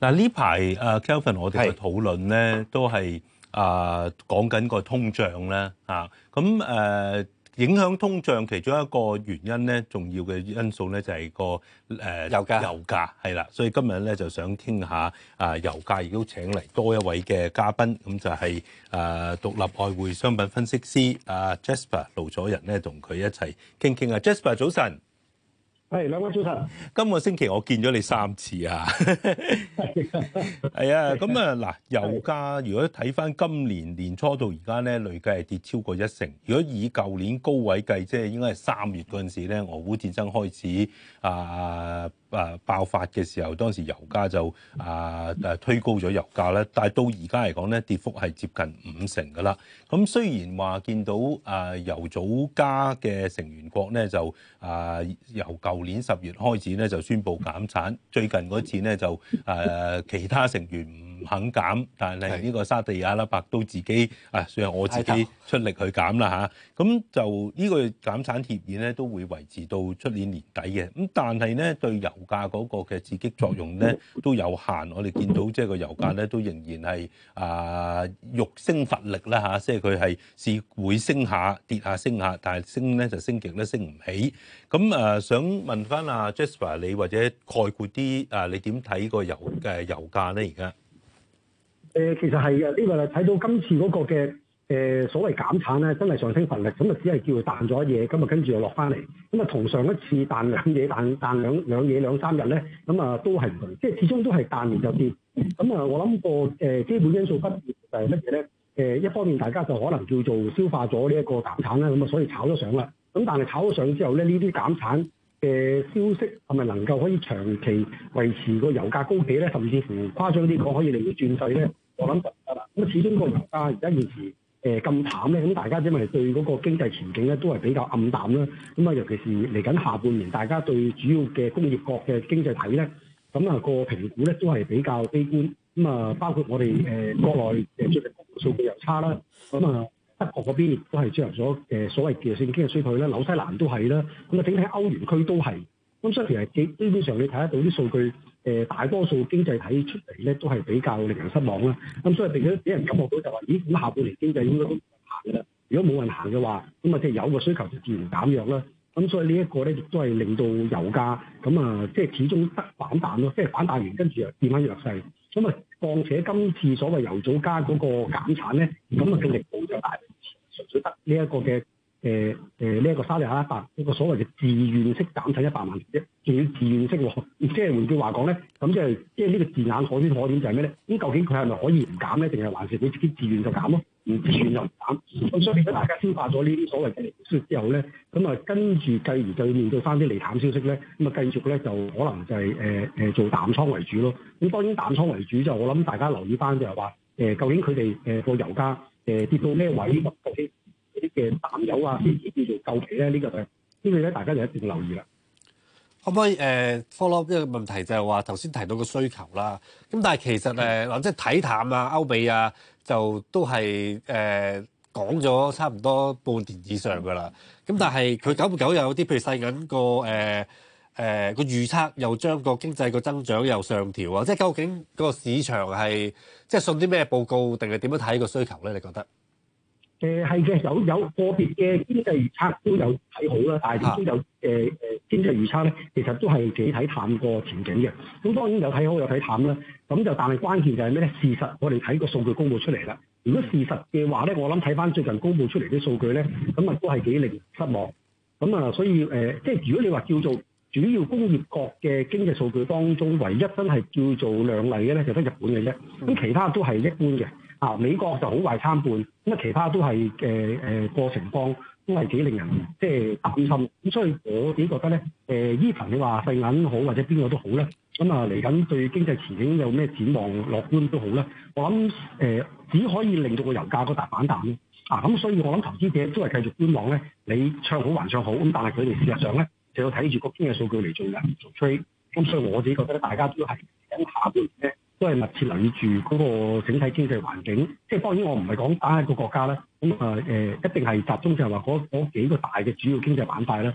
嗱呢排啊 Kelvin，我哋嘅討論咧都係啊講緊個通脹咧，咁誒影響通脹其中一個原因咧，重要嘅因素咧就係個誒油價，油價係啦，所以今日咧就想傾下啊油價，亦都請嚟多一位嘅嘉賓，咁就係啊獨立外匯商品分析師啊 Jasper 盧楚仁咧，同佢一齊傾傾啊 Jasper 早晨。係，兩位主持，今個星期我見咗你三次啊，係 啊，咁啊嗱，油價如果睇翻今年年初到而家咧，累計係跌超過一成。如果以舊年高位計，即係應該係三月嗰陣時咧，俄烏戰爭開始是啊。啊！爆發嘅時候，當時油價就啊誒、啊、推高咗油價咧。但係到而家嚟講咧，跌幅係接近五成噶啦。咁雖然話見到啊，油組家嘅成員國咧就啊，由舊年十月開始咧就宣布減產，最近嗰次咧就誒、啊、其他成員。唔肯減，但係呢個沙地阿拉伯都自己的啊，算係我自己出力去減啦嚇。咁、哎、呦就呢、呢個減產協議咧，都會維持到出年年底嘅。咁但係咧，對油價嗰個嘅刺激作用咧都有限。我哋見到即係個油價咧都仍然係啊欲升乏力啦嚇、啊，即係佢係是會升下跌下升下，但係升咧就升極咧升唔起。咁啊，想問翻阿 Jasper 你或者概括啲啊，你點睇個油嘅油價咧而家？誒、呃、其實係嘅，呢、這個睇到今次嗰個嘅誒、呃、所謂減產咧，真係上升乏力，咁啊只係叫做彈咗嘢，咁啊跟住又落翻嚟，咁啊同上一次彈兩嘢，彈彈兩兩嘢兩三日咧，咁啊都係唔同，即係始終都係彈完就跌。咁啊，我諗個誒基本因素不誒就係乜嘢咧？誒、呃、一方面大家就可能叫做消化咗呢一個減產啦，咁啊所以炒咗上啦。咁但係炒咗上之後咧，呢啲減產嘅消息係咪能夠可以長期維持個油價高企咧？甚至乎誇張啲講，可以令到轉勢咧？我諗啊啦，咁啊，始終個油價而家現時誒咁淡咧，咁大家因為對嗰個經濟前景咧都係比較暗淡啦。咁啊，尤其是嚟緊下，下半年，大家對主要嘅工業國嘅經濟體咧，咁啊，個評估咧都係比較悲觀。咁啊，包括我哋誒國內嘅最近數據又差啦。咁啊，德國嗰邊亦都係之後所所謂嘅先經濟衰退啦，紐西蘭都係啦。咁啊，整體歐元區都係。咁所以其實基基本上你睇得到啲數據。呃、大多數經濟體出嚟咧，都係比較令人失望啦。咁、嗯、所以，並且俾人感覺到就話，咦，咁、嗯、下半年經濟應該都唔行㗎啦。如果冇人行嘅話，咁啊，即係有個需求就自然減弱啦。咁、嗯、所以呢一個咧，亦都係令到油價咁啊，即係始終得反彈咯。即係反彈完跟住又變翻弱勢。咁、嗯、啊，況且今次所謂油組加嗰個減產咧，咁啊嘅力度就大，純粹得呢一個嘅。誒誒呢一個沙地阿拉伯，呢個所謂嘅自願式減產一百萬，一仲要自願式喎，即係換句話講咧，咁即係即係呢個字眼可圈可點就係咩咧？咁究竟佢係咪可以唔減咧？定係還是佢自己自願就減咯？唔自願就唔減。咁所以大家消化咗呢啲所謂嘅消息之後咧，咁啊跟住繼而就要面對翻啲利淡消息咧，咁啊繼續咧就可能就係誒誒做淡倉為主咯。咁當然淡倉為主就我諗大家留意翻就係話誒，究竟佢哋誒個油價誒跌到咩位？啲嘅淡友啊，叫做救市咧，呢、呢個因為咧，大家就一定要留意啦。嗯、可唔可以誒、呃、follow 一個問題就，就係話頭先提到個需求啦。咁但係其實誒，嗱、嗯呃，即係睇淡啊、歐美啊，就都係誒、呃、講咗差唔多半年以上噶啦。咁、嗯、但係佢久唔久又有啲，譬如細緊個誒誒個預測，又將個經濟個增長又上調啊。即係究竟個市場係即係信啲咩報告，定係點樣睇個需求咧？你覺得？誒係嘅，有有個別嘅經濟預測都有睇好啦，但係亦都有誒誒、呃、經濟預測咧，其實都係幾睇淡個前景嘅。咁當然有睇好有睇淡啦。咁就但係關鍵就係咩咧？事實我哋睇個數據公佈出嚟啦。如果事實嘅話咧，我諗睇返最近公佈出嚟啲數據咧，咁啊都係幾令人失望。咁啊，所以、呃、即係如果你話叫做主要工業國嘅經濟數據當中，唯一真係叫做亮麗嘅咧，就得日本嘅啫。咁其他都係一般嘅。啊！美國就好壞參半，咁啊其他都係誒誒過程況，都係幾令人即係擔心。咁所以我自己覺得咧，誒伊藤你話細銀好或者邊個都好呢？咁啊嚟緊對經濟前景有咩展望樂觀都好呢？我諗誒、呃、只可以令到個油價個大反彈咯。啊咁，所以我諗投資者都係繼續觀望咧，你唱好還唱好咁，但係佢哋事實上咧就要睇住個經濟數據嚟做嘅，做 trade、嗯。咁所以我自己覺得咧，大家都係響下一咧。都係密切留意住嗰個整體經濟環境，即當然我唔係講單一個國家啦，咁一定係集中就係話嗰嗰幾個大嘅主要經濟板塊啦。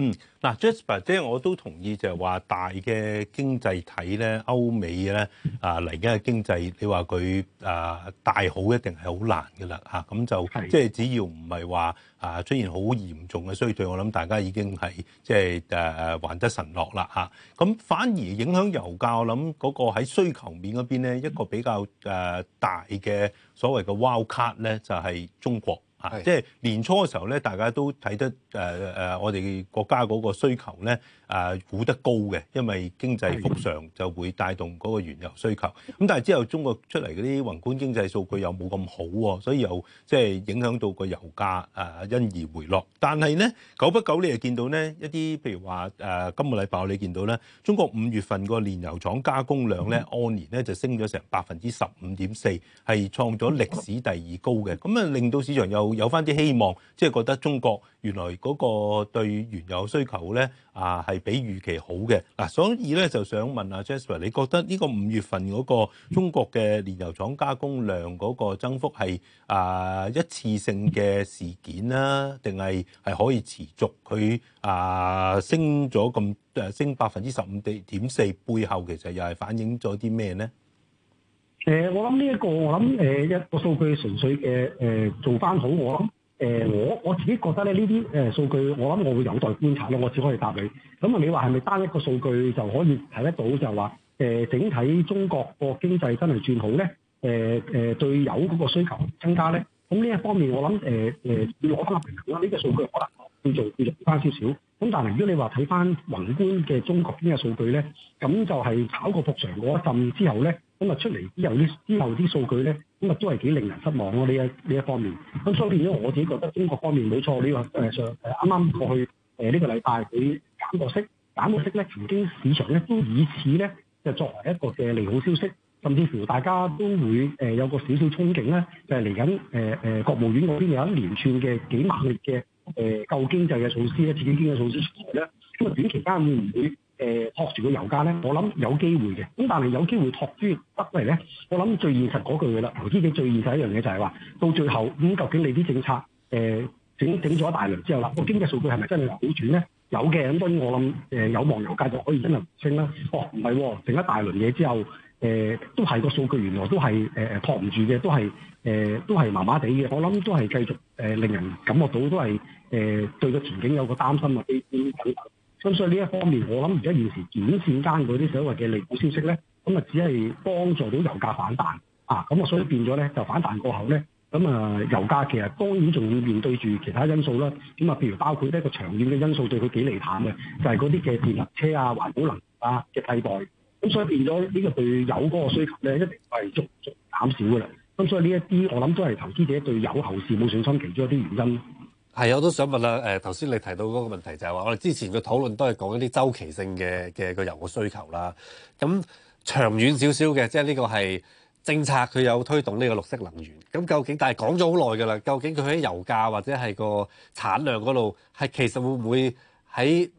嗯，嗱，Jasper，即係我都同意就係話大嘅經濟體咧，歐美咧，啊嚟緊嘅經濟，你話佢啊大好一定係好難㗎啦，嚇、啊、咁就即係的只要唔係話啊出現好嚴重嘅衰退，我諗大家已經係即係誒還得神落啦嚇，咁、啊、反而影響油價，我諗嗰個喺需求面嗰邊咧一個比較誒大嘅所謂嘅 wild card 咧，就係、是、中國。即係年初嘅時候咧，大家都睇得誒誒、呃，我哋國家嗰個需求咧啊、呃，估得高嘅，因為經濟復常就會帶動嗰個原油需求。咁但係之後中國出嚟嗰啲宏觀經濟數據又冇咁好喎，所以又即係影響到個油價啊、呃，因而回落。但係咧，久不久你又見到咧一啲譬如話誒、呃，今個禮拜我哋見到咧，中國五月份個煉油廠加工量咧按年咧就升咗成百分之十五點四，係創咗歷史第二高嘅。咁啊，令到市場又～有翻啲希望，即係覺得中國原來嗰個對原油嘅需求咧啊，係比預期好嘅嗱，所以咧就想問啊，Jasper，你覺得呢個五月份嗰個中國嘅煉油廠加工量嗰個增幅係啊一次性嘅事件啦，定係係可以持續？佢啊升咗咁誒升百分之十五點四，背後其實又係反映咗啲咩呢？誒、呃，我諗呢一個，我諗誒、呃、一個數據純粹誒誒、呃、做返好，我諗誒、呃、我我自己覺得呢啲數據，我諗我會有待觀察咯。我只可以答你。咁啊，你話係咪單一個數據就可以睇得到就話誒、呃、整體中國個經濟真係轉好呢？誒、呃呃、對有嗰個需求增加呢？咁呢一方面我，我諗誒要攞翻平衡啦。呢個數據可能叫做叫做差少少。咁但係如果你話睇返宏觀嘅中國呢個數據咧，咁就係炒過復常嗰一陣之後呢。咁啊出嚟之後啲之後啲數據咧，咁啊都係幾令人失望咯。呢一呢一方面，咁所以變咗我自己覺得中國方面冇錯。你話誒上啱啱過去呢個禮拜佢減個息，減個息咧，曾經市場咧都以此咧，就作為一個嘅利好消息，甚至乎大家都會誒、呃、有個少少憧憬咧，就係嚟緊誒國務院嗰邊有一連串嘅幾萬億嘅誒、呃、救經濟嘅措施咧，刺激經濟措施出嚟咧，咁啊短期間會誒、呃、托住個油價呢，我諗有機會嘅。咁但係有機會托住得嚟呢，我諗最現實嗰句嘅啦。投資者最現實一樣嘢就係話，到最後咁、嗯、究竟你啲政策誒、呃、整整咗一大輪之後啦，個、哦、經濟數據係咪真係好轉呢？有嘅咁當然我諗、呃、有望油價就可以真係升啦。哦，唔係，喎。整一大輪嘢之後，誒、呃、都係個數據原來都係誒誒托唔住嘅，都係誒、呃、都係麻麻地嘅。我諗都係繼續、呃、令人感覺到都係誒、呃、對個前景有個擔心、嗯嗯咁所以呢一方面，我諗而家現時短線間嗰啲所謂嘅利好消息咧，咁啊只係幫助到油價反彈啊！咁啊，所以變咗咧就反彈過後咧，咁啊油價其實當然仲要面對住其他因素啦。咁啊，譬如包括呢個長遠嘅因素對佢幾利淡嘅，就係嗰啲嘅電力車啊、環保能啊嘅替代。咁所以變咗呢個對油嗰個需求咧，一定係逐逐減少㗎啦。咁所以呢一啲我諗都係投資者對油後市冇信心其中一啲原因。係，我都想問啦。誒，頭先你提到嗰個問題，就係話我哋之前嘅討論都係講一啲週期性嘅嘅個油嘅需求啦。咁長遠少少嘅，即係呢個係政策，佢有推動呢個綠色能源。咁究竟，但係講咗好耐㗎啦。究竟佢喺油價或者係個產量嗰度，係其實會唔會喺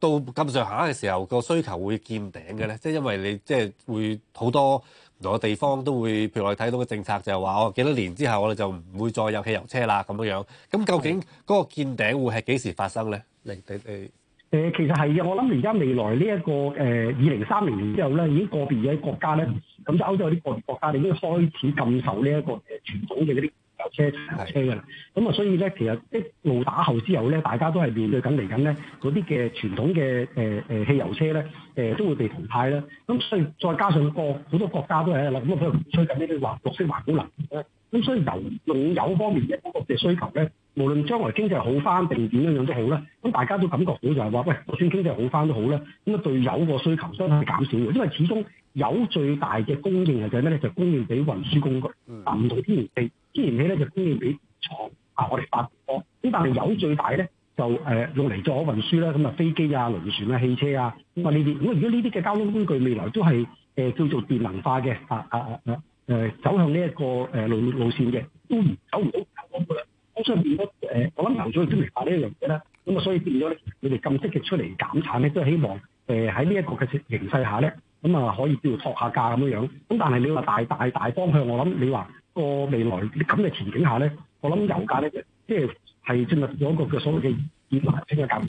到咁上下嘅時候個需求會見頂嘅咧？即係因為你即係會好多個地方都會，譬如我哋睇到嘅政策就係話，哦幾多年之後我哋就唔會再有汽油車啦咁樣樣。咁究竟嗰個見頂會係幾時發生咧？誒，其實係嘅。我諗而家未來呢一個誒二零三零年之後咧，已經個別嘅國家咧，咁就歐洲有啲個別國家已經開始禁售呢一個傳統嘅嗰啲。車柴油啦，咁啊，嗯、所以咧，其實一路打後之後咧，大家都係面對緊嚟緊咧嗰啲嘅傳統嘅誒誒汽油車咧，誒都會被淘汰啦。咁所以再加上個好多國家都係啦，咁啊，佢又吹緊呢啲環綠色環保能，咁所以油用油方面嘅需求咧，無論將來經濟好翻定點樣樣都好咧，咁大家都感覺到就係、是、話，喂，就算經濟好翻都好咧，咁啊對油個需求都係減少嘅，因為始終油最大嘅供應係就係咩咧？就是、供應俾運輸工具，唔同天然氣。天然氣咧就供應俾廠，啊我哋發電波，咁但係油最大咧就誒、呃、用嚟做咗運輸啦，咁啊飛機啊、輪船啊、汽車啊，咁啊呢啲，如果呢啲嘅交通工具未來都係誒、呃、叫做電能化嘅，啊啊啊、呃、走向呢、這、一個誒路、呃、路線嘅，都唔走唔到頭嘅啦，所以變咗誒，我諗油組都明白呢一樣嘢啦，咁啊所以變咗咧，你哋咁積極出嚟減產咧，都係希望誒喺、呃、呢一個嘅形勢下咧。咁啊，可以叫做托下價咁樣樣。咁但係你話大大大方向，我諗你話個未來咁嘅前景下咧，我諗油價咧，即係進入咗一個嘅所謂嘅熱辣先嘅價。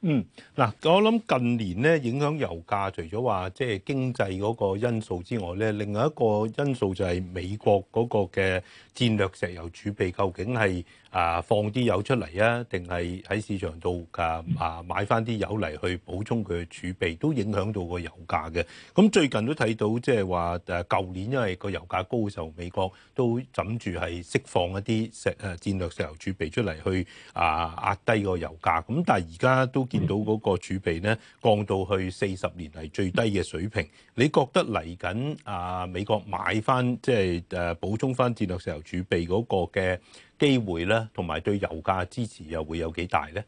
嗯，嗱，我諗近年咧影響油價除咗話即係經濟嗰個因素之外咧，另外一個因素就係美國嗰個嘅戰略石油儲備究竟係。啊！放啲油出嚟啊，定係喺市場度啊啊買翻啲油嚟去補充佢嘅儲備，都影響到個油價嘅。咁最近都睇到即係話誒，舊年因為個油價高嘅時候，美國都枕住係釋放一啲石戰略石油儲備出嚟去啊壓低個油價。咁但係而家都見到嗰個儲備咧降到去四十年嚟最低嘅水平。你覺得嚟緊啊美國買翻即係誒補充翻戰略石油儲備嗰個嘅機會咧，同埋對油價嘅支持又會有幾大咧？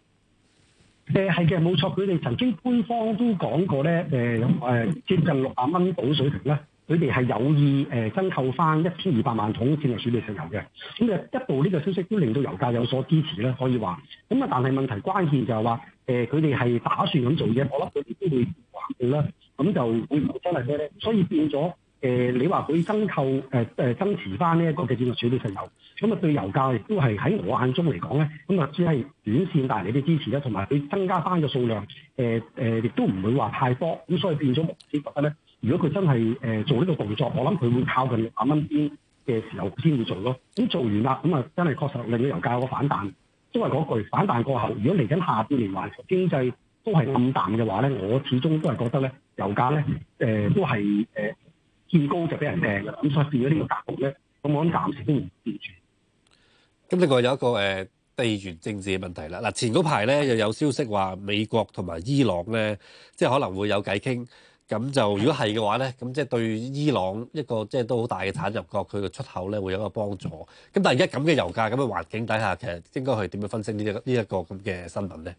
誒係嘅，冇錯，佢哋曾經官方都講過咧，誒誒接近六百蚊保水平咧，佢哋係有意誒增購翻一千二百萬桶戰略儲備石油嘅。咁就一度呢個消息都令到油價有所支持咧，可以話。咁啊，但係問題關鍵就係話，誒佢哋係打算咁做嘢，我諗佢啲都會還嘅啦。咁就會真係咩咧？所以變咗。誒、呃，你話佢增購、誒、呃、增持翻一個嘅戰略儲備石油，咁啊對油價亦都係喺我眼中嚟講咧，咁啊只係短線帶嚟啲支持啦，同埋佢增加翻嘅數量，誒亦都唔會話太多，咁所以變咗，目前覺得咧，如果佢真係誒、呃、做呢個動作，我諗佢會靠近六百蚊邊嘅時候先會做咯。咁做完啦，咁啊真係確實令到油價有個反彈，都係嗰句反彈過後，如果嚟緊下半年環經濟都係暗淡嘅話咧，我始終都係覺得咧，油價咧誒、呃、都係見高就俾人掟啦，咁所以變咗呢個格局咧，咁我諗暫時都唔知。咁另外有一個誒地緣政治嘅問題啦，嗱前嗰排咧又有消息話美國同埋伊朗咧，即係可能會有偈傾。咁就如果係嘅話咧，咁即係對伊朗一個即係都好大嘅產入國，佢嘅出口咧會有一個幫助。咁但係而家咁嘅油價咁嘅環境底下，其實應該係點樣分析呢一呢一個咁嘅新聞咧？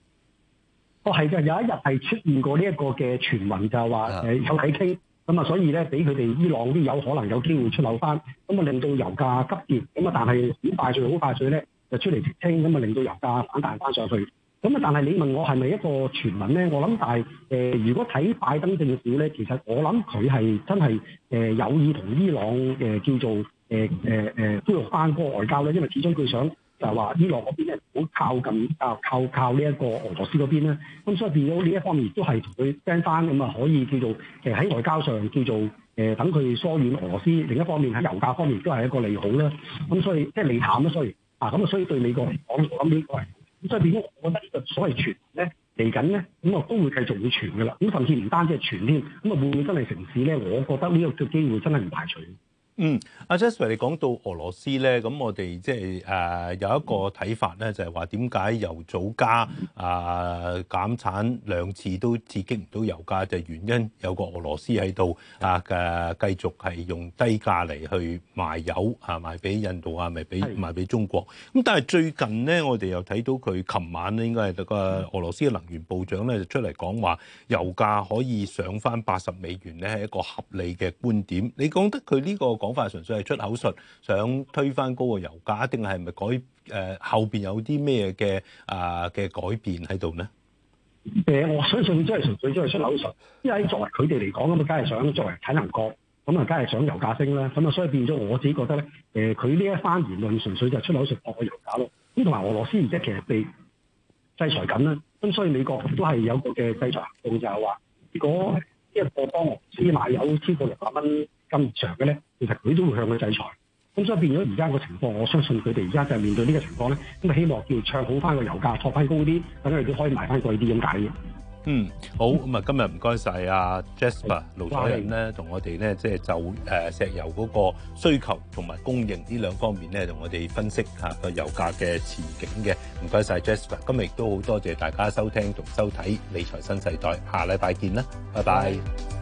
哦，係嘅，就有一日係出現過呢一個嘅傳聞，就係話誒有偈傾。咁啊、嗯，所以咧，俾佢哋伊朗都有可能有機會出漏翻，咁啊令到油價急跌，咁啊但係好快脆好快脆咧，就出嚟澄清，咁啊令到油價反彈翻上去。咁啊，但係你問我係咪一個傳聞咧？我諗但係、呃、如果睇拜登政府咧，其實我諗佢係真係、呃、有意同伊朗、呃、叫做誒誒誒恢復翻個外交咧，因為始終佢想。就話伊朗嗰邊咧好靠近啊，靠靠呢一個俄羅斯嗰邊咧，咁、嗯、所以變咗呢一方面都係同佢爭翻，咁、嗯、啊可以叫做喺、呃、外交上叫做、呃、等佢疏遠俄羅斯，另一方面喺油價方面都係一個利好啦。咁、嗯、所以即係利淡咁衰啊，咁啊所以對美國嚟講咁呢個，咁所以變咗、嗯嗯，我覺得呢個所謂傳咧嚟緊咧，咁啊都會繼續會傳噶啦，咁甚至唔單止係傳添，咁啊會唔會真係成事咧？我覺得呢個嘅機會真係唔排除。嗯，阿 Jasper 你講到俄羅斯咧，咁我哋即係誒有一個睇法咧，就係話，點解油組加啊減產兩次都刺激唔到油價？就係，原因有個俄羅斯喺度啊嘅繼、啊、續係用低價嚟去賣油啊賣俾印度啊，咪俾賣俾中國，咁的但係最近咧，我哋又睇到佢琴晚咧，應該係個俄羅斯嘅能源部長咧就出嚟講話，油價可以上翻八十美元咧係一個合理嘅觀點。你講得佢呢、這個，講講法純粹係出口術，想推翻高個油價，定係唔係改？誒、呃、後邊有啲咩嘅啊嘅改變喺度咧？誒、呃，我相信真係純粹，真係出口術。因為作為佢哋嚟講，咁啊，梗係想作為產能國，咁啊，梗係想油價升啦。咁啊，所以變咗，我自己覺得咧，誒、呃，佢呢一番言論純粹就係出口術我個油價咯。咁同埋俄羅斯而家其實被制裁緊啦。咁所以美國都係有個嘅制裁行動，就係話，如果一個幫俄羅斯有超過六百蚊。咁長嘅咧，其實佢都會向佢制裁，咁所以變咗而家個情況，我相信佢哋而家就面對呢個情況咧，咁就希望叫唱好翻個油價，托翻高啲，等佢哋都可以賣翻貴啲咁解嘅。嗯，好，咁啊、嗯，今日唔該晒阿 Jasper、嗯、盧楚仁咧，同我哋咧，即係就誒、是、石油嗰個需求同埋供應呢兩方面咧，同我哋分析下個油價嘅前景嘅。唔該晒 Jasper，今日亦都好多謝大家收聽同收睇《理財新世代》，下禮拜見啦，拜拜。嗯